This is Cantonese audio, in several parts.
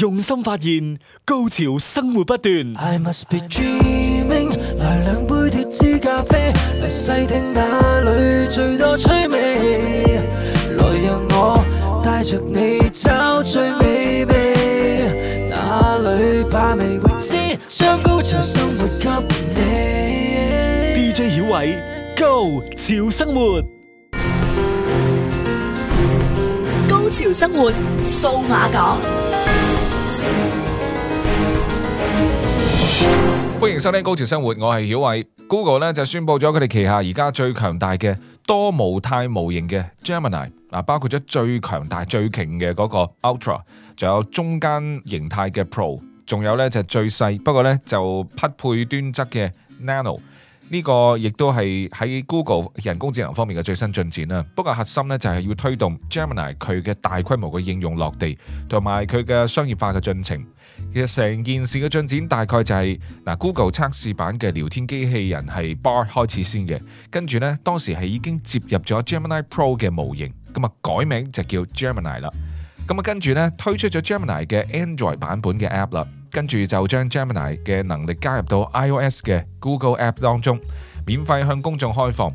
用心發現，Go 潮生活不斷。I must be dreaming，來兩杯脫脂咖啡，嚟細聽哪裏最多趣味，來讓我帶着你找最美味，哪裏把味未知，將 Go 潮生活給你。DJ 曉偉，Go，潮生活，Go 潮生活數碼講。歡迎收聽《Go 潮生活》，我係曉偉。Google 咧就宣布咗佢哋旗下而家最強大嘅多模態模型嘅 Gemini。嗱，包括咗最強大、最勁嘅嗰個 Ultra，仲有中間形態嘅 Pro，仲有咧就係最細，不過咧就匹配端側嘅 Nano。呢個亦都係喺 Google 人工智能方面嘅最新進展啦。不過核心咧就係要推動 Gemini 佢嘅大規模嘅應用落地同埋佢嘅商業化嘅進程。其實成件事嘅進展大概就係嗱，Google 測試版嘅聊天機器人係 Bard 開始先嘅，跟住呢，當時係已經接入咗 Gemini Pro 嘅模型，咁啊改名就叫 Gemini 啦。咁啊跟住呢，推出咗 Gemini 嘅 Android 版本嘅 App 啦。跟住就將 Gemini 嘅能力加入到 iOS 嘅 Google App 當中，免費向公眾開放。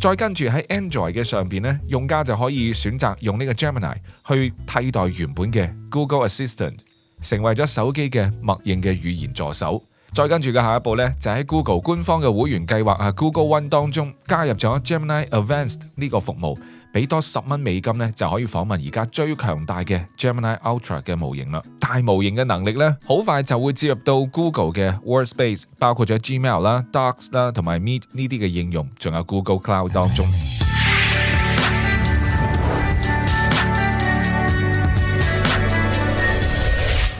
再跟住喺 Android 嘅上邊咧，用家就可以選擇用呢個 Gemini 去替代原本嘅 Google Assistant，成為咗手機嘅默認嘅語言助手。再跟住嘅下一步咧，就喺 Google 官方嘅會員計劃啊，Google One 當中加入咗 Gemini Advanced 呢個服務。俾多十蚊美金咧，就可以訪問而家最強大嘅 Gemini Ultra 嘅模型啦。大模型嘅能力咧，好快就會接入到 Google 嘅 Workspace，包括咗 Gmail 啦、Docs 啦同埋 Meet 呢啲嘅應用，仲有 Google Cloud 當中。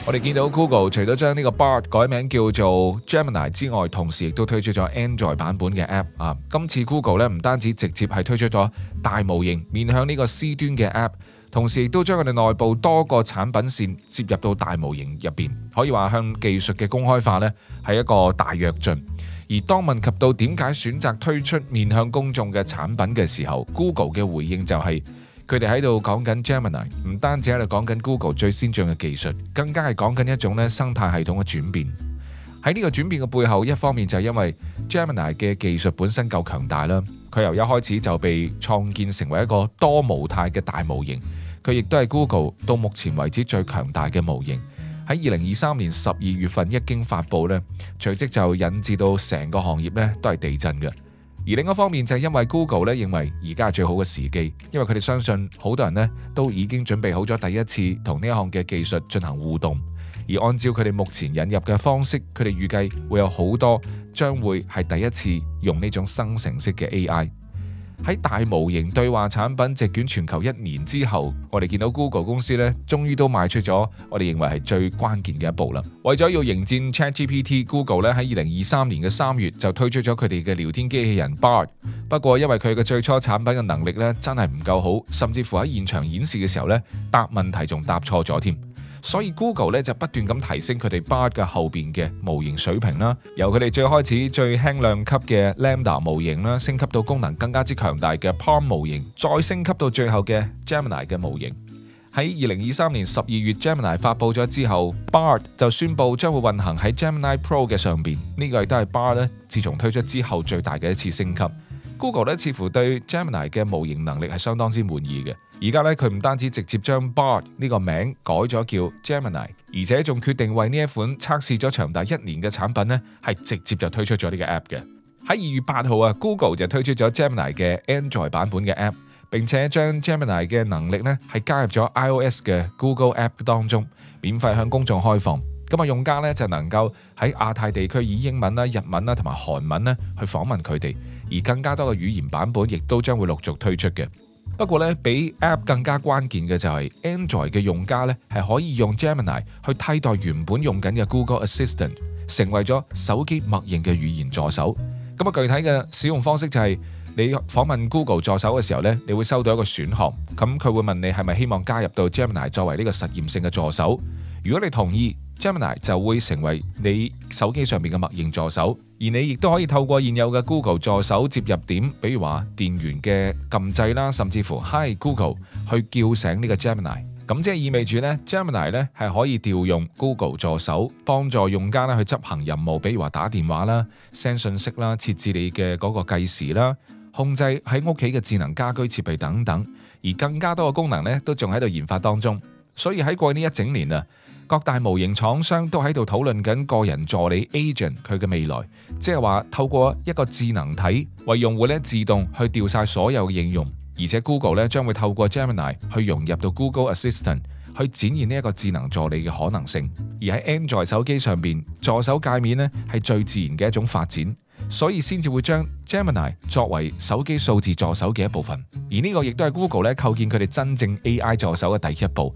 我哋見到 Google 除咗將呢個 Bard 改名叫做 Gemini 之外，同時亦都推出咗 Android 版本嘅 app 啊！今次 Google 咧，唔單止直接係推出咗大模型面向呢個 C 端嘅 app，同時亦都將佢哋內部多個產品線接入到大模型入面。可以話向技術嘅公開化呢，係一個大躍進。而當問及到點解選擇推出面向公眾嘅產品嘅時候，Google 嘅回應就係、是。佢哋喺度講緊 Gemini，唔單止喺度講緊 Google 最先進嘅技術，更加係講緊一種咧生態系統嘅轉變。喺呢個轉變嘅背後，一方面就係因為 Gemini 嘅技術本身夠強大啦，佢由一開始就被創建成為一個多模態嘅大模型，佢亦都係 Google 到目前為止最強大嘅模型。喺二零二三年十二月份一經發布呢，隨即就引致到成個行業呢都係地震嘅。而另一方面就係因為 Google 咧認為而家係最好嘅時機，因為佢哋相信好多人咧都已經準備好咗第一次同呢一項嘅技術進行互動，而按照佢哋目前引入嘅方式，佢哋預計會有好多將會係第一次用呢種生成式嘅 AI。喺大模型對話產品席捲全球一年之後，我哋見到 Google 公司咧，終於都邁出咗我哋認為係最關鍵嘅一步啦。為咗要迎戰 ChatGPT，Google 咧喺二零二三年嘅三月就推出咗佢哋嘅聊天機器人 Bard。不過因為佢嘅最初產品嘅能力咧真係唔夠好，甚至乎喺現場演示嘅時候咧答問題仲答錯咗添。所以 Google 咧就不斷咁提升佢哋 Bard 嘅後邊嘅模型水平啦，由佢哋最開始最輕量級嘅 Lambda 模型啦，升級到功能更加之強大嘅 PaLM 模型，再升級到最後嘅 Gemini 嘅模型。喺二零二三年十二月 Gemini 發布咗之後，Bard 就宣布將會運行喺 Gemini Pro 嘅上邊。呢個亦都係 Bard 咧自從推出之後最大嘅一次升級。Google 咧似乎對 Gemini 嘅模型能力係相當之滿意嘅。而家咧佢唔單止直接將 bard 呢個名改咗叫 Gemini，而且仲決定為呢一款測試咗長達一年嘅產品咧，係直接就推出咗呢個 app 嘅。喺二月八號啊，Google 就推出咗 Gemini 嘅 Android 版本嘅 app，並且將 Gemini 嘅能力係加入咗 iOS 嘅 Google app 當中，免費向公眾開放。咁啊，用家咧就能夠喺亞太地區以英文啦、日文啦同埋韓文咧去訪問佢哋，而更加多嘅語言版本亦都將會陸續推出嘅。不過咧，比 App 更加關鍵嘅就係 Android 嘅用家咧係可以用 Gemini 去替代原本用緊嘅 Google Assistant，成為咗手機默認嘅語言助手。咁啊，具體嘅使用方式就係、是、你訪問 Google 助手嘅時候咧，你會收到一個選項，咁佢會問你係咪希望加入到 Gemini 作為呢個實驗性嘅助手。如果你同意。Gemini 就會成為你手機上面嘅默認助手，而你亦都可以透過現有嘅 Google 助手接入點，比如話電源嘅撳掣啦，甚至乎 Hi Google 去叫醒呢個 Gemini。咁即係意味住呢，Gemini 咧係可以調用 Google 助手幫助用家咧去執行任務，比如話打電話啦、send 信息啦、設置你嘅嗰個計時啦、控制喺屋企嘅智能家居設備等等，而更加多嘅功能呢都仲喺度研發當中。所以喺過去呢一整年啊～各大模型廠商都喺度討論緊個人助理 agent 佢嘅未來，即係話透過一個智能體為用戶咧自動去調晒所有嘅應用，而且 Google 咧將會透過 Gemini 去融入到 Google Assistant 去展現呢一個智能助理嘅可能性。而喺 Android 手機上邊，助手界面咧係最自然嘅一種發展，所以先至會將 Gemini 作為手機數字助手嘅一部分。而呢個亦都係 Google 咧構建佢哋真正 AI 助手嘅第一步。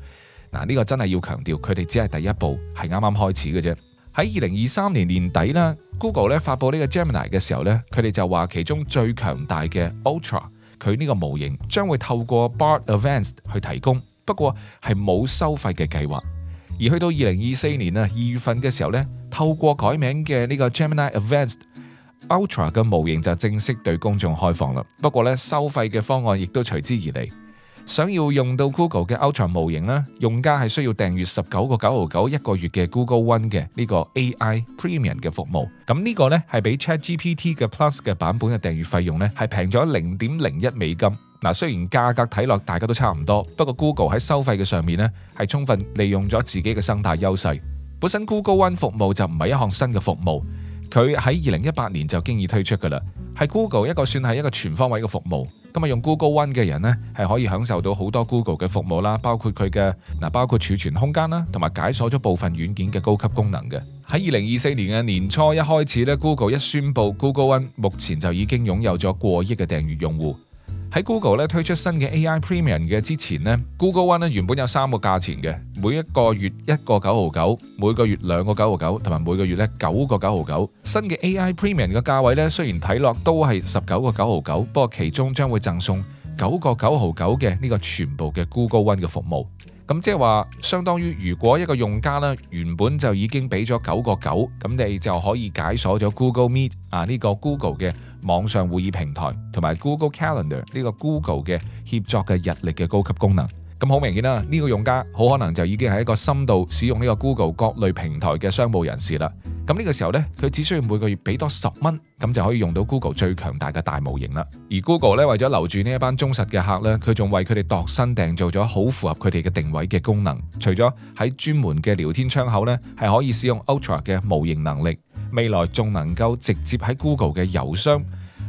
嗱，呢個真係要強調，佢哋只係第一步，係啱啱開始嘅啫。喺二零二三年年底啦，Google 咧發布呢個 Gemini 嘅時候咧，佢哋就話其中最強大嘅 Ultra，佢呢個模型將會透過 Bard Advanced 去提供，不過係冇收費嘅計劃。而去到二零二四年啊二月份嘅時候咧，透過改名嘅呢個 Gemini Advanced Ultra 嘅模型就正式對公眾開放啦。不過咧，收費嘅方案亦都隨之而嚟。想要用到 Google 嘅 Ultra 模型啦，用家係需要訂閱十九個九毫九一個月嘅 Google One 嘅呢個 AI Premium 嘅服務。咁、這、呢個咧係比 ChatGPT 嘅 Plus 嘅版本嘅訂閱費用咧係平咗零點零一美金。嗱，雖然價格睇落大家都差唔多，不過 Google 喺收費嘅上面咧係充分利用咗自己嘅生態優勢。本身 Google One 服務就唔係一項新嘅服務。佢喺二零一八年就經已推出噶啦，係 Google 一個算係一個全方位嘅服務。今日用 Google One 嘅人呢，係可以享受到好多 Google 嘅服務啦，包括佢嘅嗱，包括儲存空間啦，同埋解鎖咗部分軟件嘅高級功能嘅。喺二零二四年嘅年初一開始呢，Google 一宣布 Google One，目前就已經擁有咗過億嘅訂閱用戶。喺 Google 咧推出新嘅 AI Premium 嘅之前呢，Google One 咧原本有三個價錢嘅，每一個月一個九毫九，每個月兩個九毫九，同埋每個月咧九個九毫九。新嘅 AI Premium 嘅價位咧，雖然睇落都係十九個九毫九，不過其中將會贈送九個九毫九嘅呢個全部嘅 Google One 嘅服務。咁即係話，相當於如果一個用家咧原本就已經俾咗九個九，咁你就可以解鎖咗 Google Meet 啊呢個 Google 嘅。網上會議平台同埋 Google Calendar 呢個 Google 嘅協作嘅日曆嘅高級功能，咁好明顯啦，呢個用家好可能就已經係一個深度使用呢個 Google 各類平台嘅商務人士啦。咁呢個時候呢，佢只需要每個月俾多十蚊，咁就可以用到 Google 最強大嘅大模型啦。而 Google 咧為咗留住呢一班忠實嘅客呢，佢仲為佢哋度身訂造咗好符合佢哋嘅定位嘅功能，除咗喺專門嘅聊天窗口呢，係可以使用 Ultra 嘅模型能力。未來仲能夠直接喺 Google 嘅郵箱，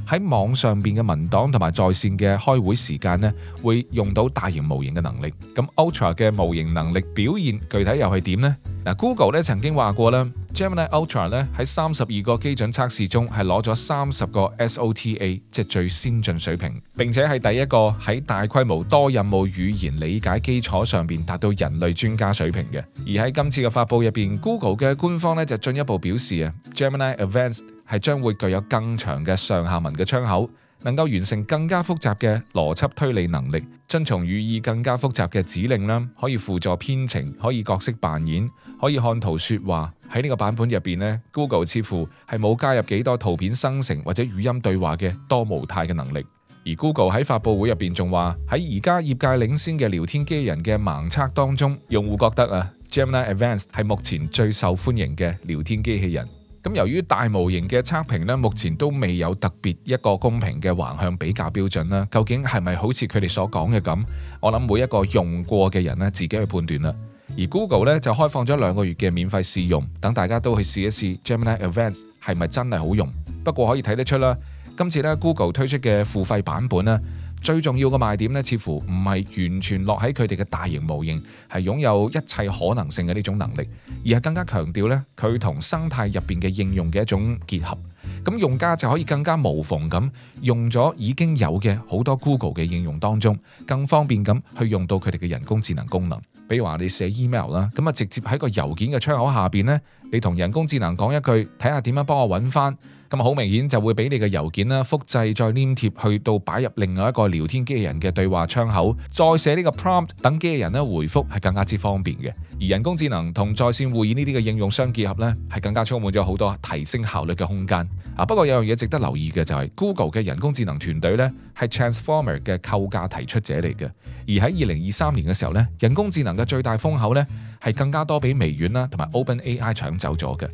喺網上邊嘅文檔同埋在線嘅開會時間咧，會用到大型模型嘅能力。咁 Ultra 嘅模型能力表現，具體又係點呢？嗱，Google 咧曾經話過咧，Gemini Ultra 咧喺三十二個基準測試中係攞咗三十個 SOTA，即係最先進水平。並且係第一個喺大規模多任務語言理解基礎上邊達到人類專家水平嘅。而喺今次嘅發布入邊，Google 嘅官方咧就進一步表示啊，Gemini Advanced。係將會具有更長嘅上下文嘅窗口，能夠完成更加複雜嘅邏輯推理能力，遵從語義更加複雜嘅指令啦。可以輔助編程，可以角色扮演，可以看圖說話。喺呢個版本入邊咧，Google 似乎係冇加入幾多圖片生成或者語音對話嘅多模態嘅能力。而 Google 喺發布會入邊仲話，喺而家業界領先嘅聊天機器人嘅盲測當中，用戶覺得啊，Gemini Advanced 係目前最受歡迎嘅聊天機器人。咁由於大模型嘅測評咧，目前都未有特別一個公平嘅橫向比較標準啦。究竟係咪好似佢哋所講嘅咁？我諗每一個用過嘅人咧，自己去判斷啦。而 Google 咧就開放咗兩個月嘅免費試用，等大家都去試一試 Gemini Advanced 係咪真係好用。不過可以睇得出啦，今次 Google 推出嘅付費版本咧最重要嘅賣點咧，似乎唔係完全落喺佢哋嘅大型模型，係擁有一切可能性嘅呢種能力，而係更加強調咧佢同生態入面嘅應用嘅一種結合。咁用家就可以更加無縫咁用咗已經有嘅好多 Google 嘅應用當中，更方便咁去用到佢哋嘅人工智能功能。比如話你寫 email 啦，咁啊直接喺個郵件嘅窗口下面呢，你同人工智能講一句，睇下點樣幫我揾翻。咁好明顯就會俾你嘅郵件啦，複製再黏貼去，去到擺入另外一個聊天機器人嘅對話窗口，再寫呢個 prompt 等機器人咧回覆係更加之方便嘅。而人工智能同在線會議呢啲嘅應用相結合呢係更加充滿咗好多提升效率嘅空間。啊，不過有樣嘢值得留意嘅就係、是、Google 嘅人工智能團隊呢係 Transformer 嘅構架提出者嚟嘅，而喺二零二三年嘅時候呢，人工智能嘅最大風口呢係更加多俾微軟啦同埋 OpenAI 搶走咗嘅。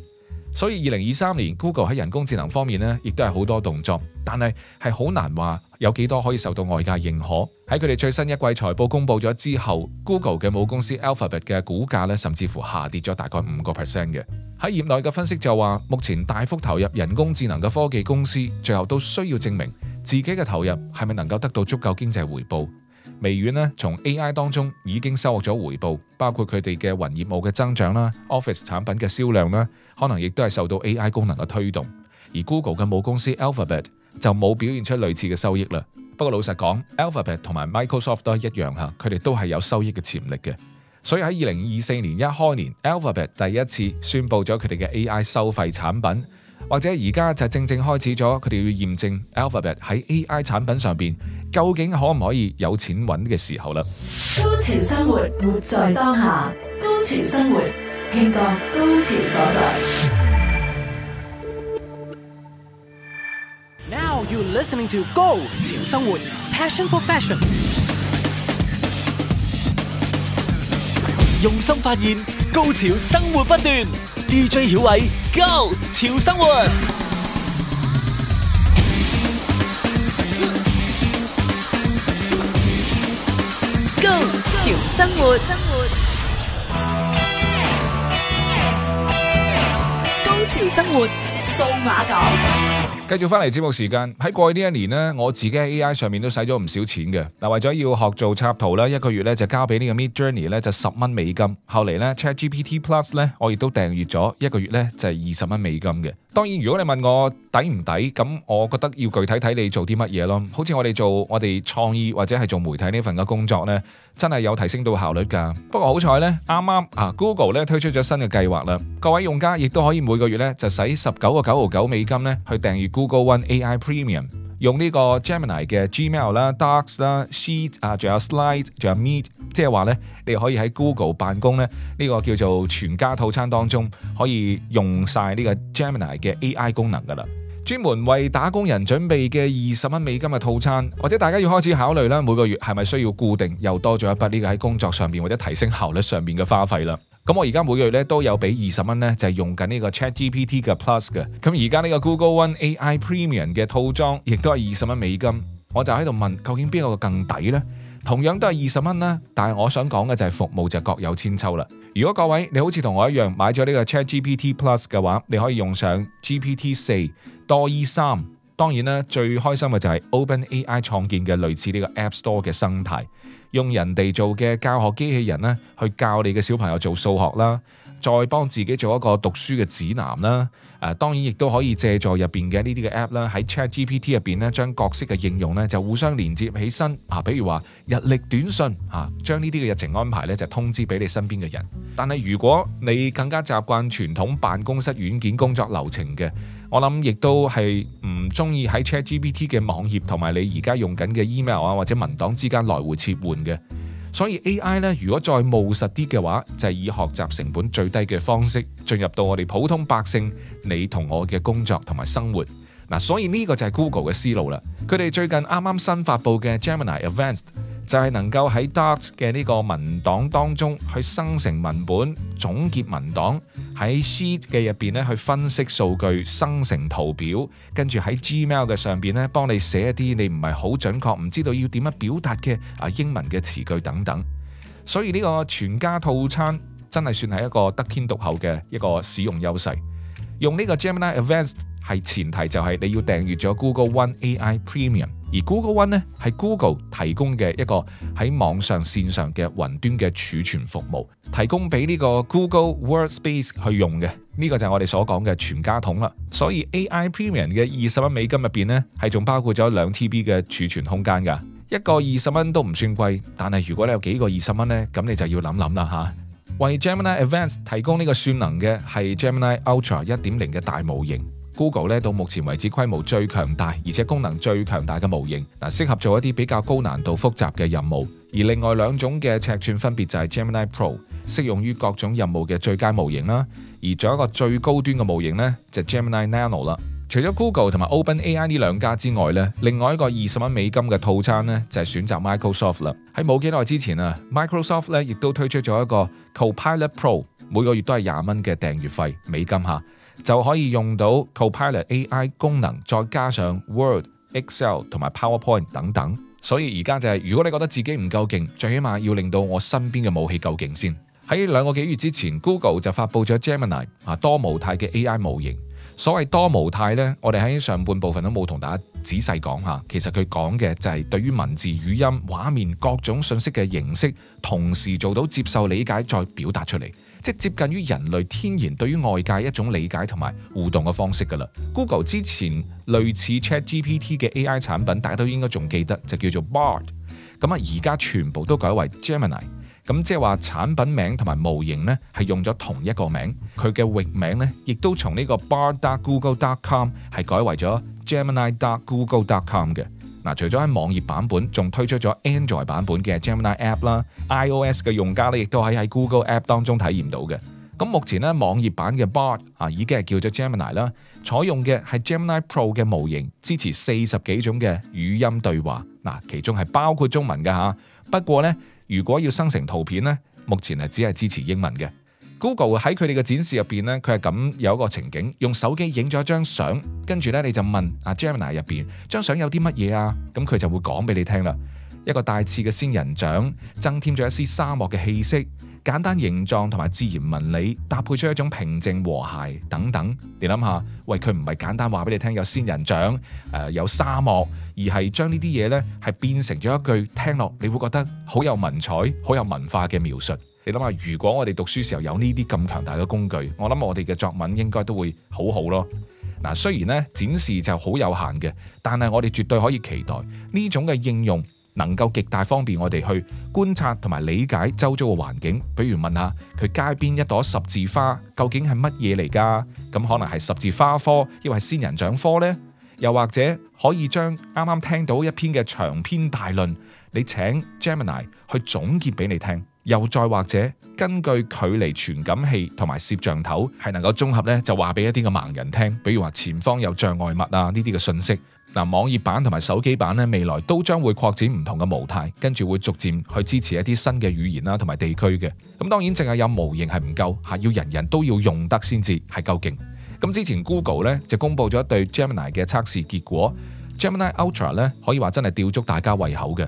所以二零二三年 Google 喺人工智能方面呢，亦都係好多動作，但係係好難話有幾多可以受到外界認可。喺佢哋最新一季財報公布咗之後，Google 嘅母公司 Alphabet 嘅股價呢，甚至乎下跌咗大概五個 percent 嘅。喺業內嘅分析就話，目前大幅投入人工智能嘅科技公司，最後都需要證明自己嘅投入，係咪能夠得到足夠經濟回報。微軟呢從 A I 當中已經收穫咗回報，包括佢哋嘅雲業務嘅增長啦，Office 產品嘅銷量啦，可能亦都係受到 A I 功能嘅推動。而 Google 嘅母公司 Alphabet 就冇表現出類似嘅收益啦。不過老實講，Alphabet 同埋 Microsoft 都係一樣吓，佢哋都係有收益嘅潛力嘅。所以喺二零二四年一開年，Alphabet 第一次宣布咗佢哋嘅 A I 收費產品。或者而家就正正開始咗，佢哋要驗證 Alphabet 喺 AI 產品上邊究竟可唔可以有錢揾嘅時候啦。Go 潮生活，活在當下。Go 潮生活，聽覺高潮所在。Now you're listening to Go 潮生活，Passion for fashion，用心發現，Go 潮生活不斷。DJ 曉偉，Go 潮生活 Go，Go 潮生活，Go 潮生活，數碼港。繼續翻嚟節目時間，喺過去呢一年呢，我自己喺 AI 上面都使咗唔少錢嘅。嗱，為咗要學做插圖呢，一個月咧就交俾呢個 Midjourney 咧就十蚊美金。後嚟咧 ChatGPT Plus 咧，我亦都訂閱咗一個月咧就係二十蚊美金嘅。當然，如果你問我抵唔抵，咁我覺得要具體睇你做啲乜嘢咯。好似我哋做我哋創意或者係做媒體呢份嘅工作咧。真係有提升到效率噶，不過好彩呢，啱啱啊 Google 咧推出咗新嘅計劃啦，各位用家亦都可以每個月咧就使十九個九毫九美金咧去訂閱 Google One AI Premium，用呢個 Gemini 嘅 Gmail 啦、Docs 啦、Sheet 啊，仲有 Slide 仲有 Meet，即係話呢你可以喺 Google 辦公呢呢個叫做全家套餐當中，可以用晒呢個 Gemini 嘅 AI 功能噶啦。專門為打工人準備嘅二十蚊美金嘅套餐，或者大家要開始考慮啦，每個月係咪需要固定又多咗一筆呢個喺工作上面或者提升效率上面嘅花費啦？咁我而家每個月咧都有俾二十蚊咧，就係用緊呢個 Chat GPT 嘅 Plus 嘅。咁而家呢個 Google One AI Premium 嘅套裝亦都係二十蚊美金，我就喺度問，究竟邊個更抵呢？同樣都係二十蚊啦，但係我想講嘅就係服務就各有千秋啦。如果各位你好似同我一樣買咗呢個 Chat GPT Plus 嘅話，你可以用上 GPT 四。多衣衫，當然啦，最開心嘅就係 OpenAI 創建嘅類似呢個 App Store 嘅生態，用人哋做嘅教學機器人咧，去教你嘅小朋友做數學啦。再幫自己做一個讀書嘅指南啦，誒當然亦都可以借助入邊嘅呢啲嘅 app 啦，喺 ChatGPT 入邊呢，將角色嘅應用呢就互相連接起身，啊，比如話日曆短信，嚇將呢啲嘅日程安排呢就通知俾你身邊嘅人。但係如果你更加習慣傳統辦公室軟件工作流程嘅，我諗亦都係唔中意喺 ChatGPT 嘅網頁同埋你而家用緊嘅 email 啊或者文檔之間來回切換嘅。所以 AI 咧，如果再務實啲嘅話，就係、是、以學習成本最低嘅方式進入到我哋普通百姓你同我嘅工作同埋生活。嗱，所以呢個就係 Google 嘅思路啦。佢哋最近啱啱新發布嘅 Gemini Advanced 就係能夠喺 Docs 嘅呢個文檔當中去生成文本、總結文檔。喺 sheet 嘅入邊咧，面去分析數據、生成圖表，跟住喺 Gmail 嘅上面咧，幫你寫一啲你唔係好準確、唔知道要點樣表達嘅啊英文嘅詞句等等。所以呢個全家套餐真係算係一個得天獨厚嘅一個使用優勢。用呢個 Gemini Advanced 係前提，就係你要訂閱咗 Google One AI Premium。而 Google One 咧，係 Google 提供嘅一個喺網上線上嘅雲端嘅儲存服務，提供俾呢個 Google Workspace 去用嘅。呢個就係我哋所講嘅全家桶啦。所以 AI Premium 嘅二十蚊美金入邊呢，係仲包括咗兩 TB 嘅儲存空間噶。一個二十蚊都唔算貴，但係如果你有幾個二十蚊呢，咁你就要諗諗啦吓。為 Gemini Advanced 提供呢個算能嘅係 Gemini Ultra 一點零嘅大模型。Google 咧，到目前為止規模最強大，而且功能最強大嘅模型，嗱，適合做一啲比較高難度、複雜嘅任務。而另外兩種嘅尺寸分別就係 Gemini Pro，適用於各種任務嘅最佳模型啦。而仲有一個最高端嘅模型呢，就係 Gemini Nano 啦。除咗 Google 同埋 OpenAI 呢兩家之外呢，另外一個二十蚊美金嘅套餐呢，就係選擇 Microsoft 啦。喺冇幾耐之前啊，Microsoft 咧亦都推出咗一個 Copilot Pro，每個月都係廿蚊嘅訂閱費美金嚇。就可以用到 Copilot AI 功能，再加上 Word、Excel 同埋 PowerPoint 等等。所以而家就係、是、如果你覺得自己唔夠勁，最起碼要令到我身邊嘅武器夠勁先。喺兩個幾月之前，Google 就發佈咗 Gemini 啊，多模態嘅 AI 模型。所謂多模態咧，我哋喺上半部分都冇同大家仔細講吓。其實佢講嘅就係對於文字、語音、畫面各種信息嘅形式，同時做到接受理解再表達出嚟。即接近於人類天然對於外界一種理解同埋互動嘅方式㗎啦。Google 之前類似 ChatGPT 嘅 AI 產品，大家都應該仲記得，就叫做 Bard。咁啊，而家全部都改為 Gemini。咁即係話產品名同埋模型呢係用咗同一個名。佢嘅域名呢亦都從呢個 bard.google.com 係改為咗 gemini.google.com 嘅。嗱，除咗喺網頁版本，仲推出咗 Android 版本嘅 Gemini App 啦，iOS 嘅用家咧亦都喺喺 Google App 當中體驗到嘅。咁目前咧網頁版嘅 bot 啊已經係叫做 Gemini 啦，採用嘅係 Gemini Pro 嘅模型，支持四十幾種嘅語音對話，嗱其中係包括中文嘅嚇。不過咧，如果要生成圖片咧，目前係只係支持英文嘅。Google 喺佢哋嘅展示入邊呢佢係咁有一個情景，用手機影咗一張相，跟住呢，你就問阿 Gemini 入邊張相有啲乜嘢啊？咁佢就會講俾你聽啦。一個帶刺嘅仙人掌，增添咗一絲沙漠嘅氣息，簡單形狀同埋自然文理，搭配出一種平靜和諧等等。你諗下，喂佢唔係簡單話俾你聽有仙人掌，誒有沙漠，而係將呢啲嘢呢係變成咗一句聽落，你會覺得好有文采、好有文化嘅描述。你諗下，如果我哋讀書時候有呢啲咁強大嘅工具，我諗我哋嘅作文應該都會好好咯。嗱，雖然咧展示就好有限嘅，但係我哋絕對可以期待呢種嘅應用能夠極大方便我哋去觀察同埋理解周遭嘅環境。比如問下佢街邊一朵十字花究竟係乜嘢嚟？噶咁可能係十字花科，亦或係仙人掌科呢？又或者可以將啱啱聽到一篇嘅長篇大論，你請 Gemini 去總結俾你聽。又再或者，根據距離傳感器同埋攝像頭，係能夠綜合咧，就話俾一啲嘅盲人聽，比如話前方有障礙物啊呢啲嘅信息。嗱、啊，網頁版同埋手機版咧，未來都將會擴展唔同嘅模態，跟住會逐漸去支持一啲新嘅語言啦同埋地區嘅。咁當然，淨係有模型係唔夠嚇，要人人都要用得先至係究竟。咁之前 Google 咧就公布咗一對 Gemini 嘅測試結果，Gemini Ultra 咧可以話真係吊足大家胃口嘅。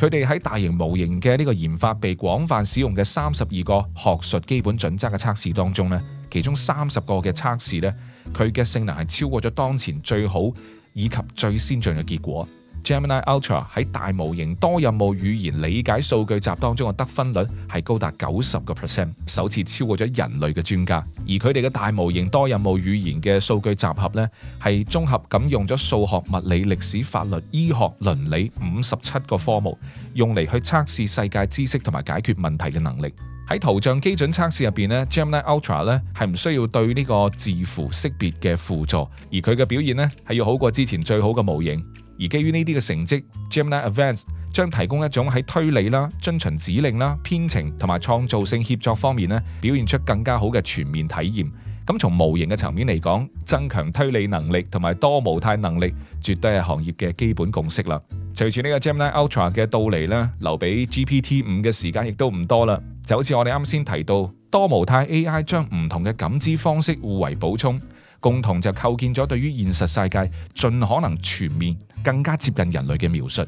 佢哋喺大型模型嘅呢個研發被廣泛使用嘅三十二個學術基本準則嘅測試當中呢，其中三十個嘅測試呢，佢嘅性能係超過咗當前最好以及最先進嘅結果。Gemini Ultra 喺大模型多任務語言理解數據集當中嘅得分率係高達九十個 percent，首次超過咗人類嘅專家。而佢哋嘅大模型多任務語言嘅數據集合呢，係綜合咁用咗數學、物理、歷史、法律、醫學、倫理五十七個科目，用嚟去測試世界知識同埋解決問題嘅能力。喺圖像基準測試入邊咧，Gemini Ultra 咧係唔需要對呢個字符識別嘅輔助，而佢嘅表現呢，係要好過之前最好嘅模型。而基於呢啲嘅成績，Gemini Advanced 將提供一種喺推理啦、遵循指令啦、編程同埋創造性協作方面咧，表現出更加好嘅全面體驗。咁從模型嘅層面嚟講，增強推理能力同埋多模態能力，絕對係行業嘅基本共識啦。隨住呢個 Gemini Ultra 嘅到嚟咧，留俾 GPT 五嘅時間亦都唔多啦。就好似我哋啱先提到，多模態 AI 將唔同嘅感知方式互為補充。共同就構建咗對於現實世界盡可能全面、更加接近人類嘅描述。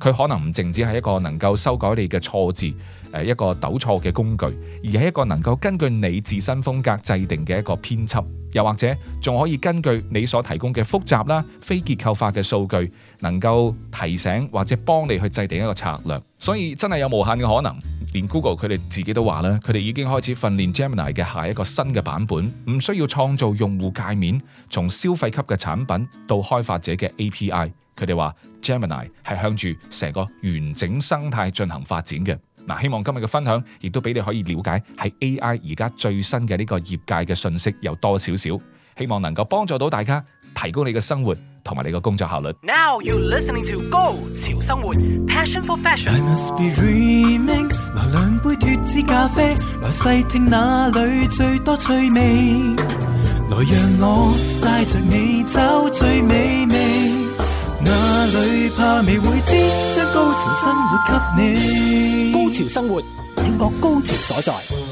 佢可能唔淨止係一個能夠修改你嘅錯字，誒一個糾錯嘅工具，而係一個能夠根據你自身風格制定嘅一個編輯，又或者仲可以根據你所提供嘅複雜啦、非結構化嘅數據，能夠提醒或者幫你去制定一個策略。所以真係有無限嘅可能。連 Google 佢哋自己都話啦，佢哋已經開始訓練 Gemini 嘅下一個新嘅版本，唔需要創造用戶界面，從消費級嘅產品到開發者嘅 API，佢哋話 Gemini 係向住成個完整生態進行發展嘅。嗱，希望今日嘅分享亦都俾你可以了解喺 AI 而家最新嘅呢個業界嘅信息又多少少，希望能夠幫助到大家。提高你嘅生活同埋你嘅工作效率。Now you listening to Go 潮生活，passion for fashion。I must be 來兩杯脫脂咖啡，來細聽哪裏最多趣味，來讓我帶着你找最美味，哪裏怕未會知，將 Go 潮生活給你。Go 潮生活，聽覺高潮所在。